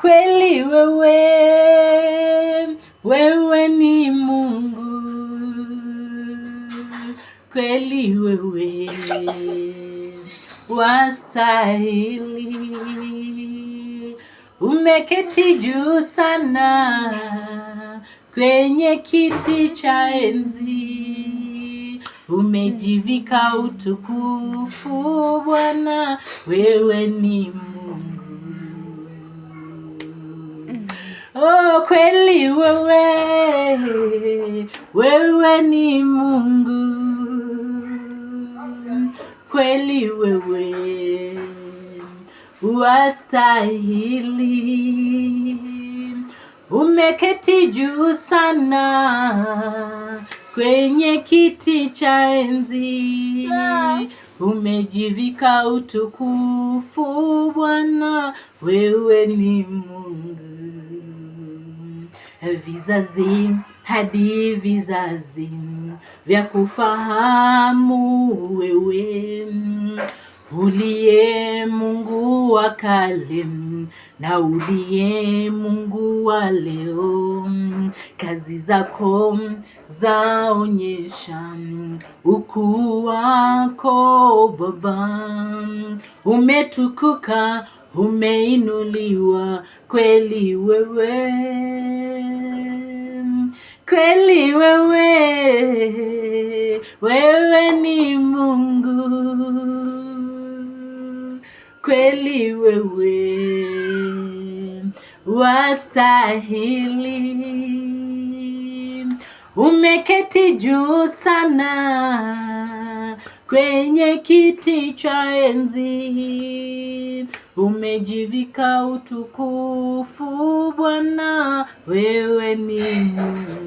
kweli wewe, wewe ni Mungu kweli wewe, wastahili. Umeketi juu sana kwenye kiti cha enzi, umejivika utukufu Bwana, wewe ni Mungu Oh, kweli wewe, wewe ni Mungu, kweli wewe wastahili, umeketi juu sana kwenye kiti cha enzi umejivika utukufu Bwana, wewe ni Mungu vizazi hadi vizazi vya kufahamu wewe uliye Mungu wa kale na uliye Mungu wa leo, kazi zako zaonyesha ukuu wako Baba. Umetukuka, umeinuliwa kweli wewe kweli wewe, wewe ni Mungu kweli wewe, wastahili. Umeketi juu sana kwenye kiti cha enzi, umejivika utukufu Bwana, wewe ni Mungu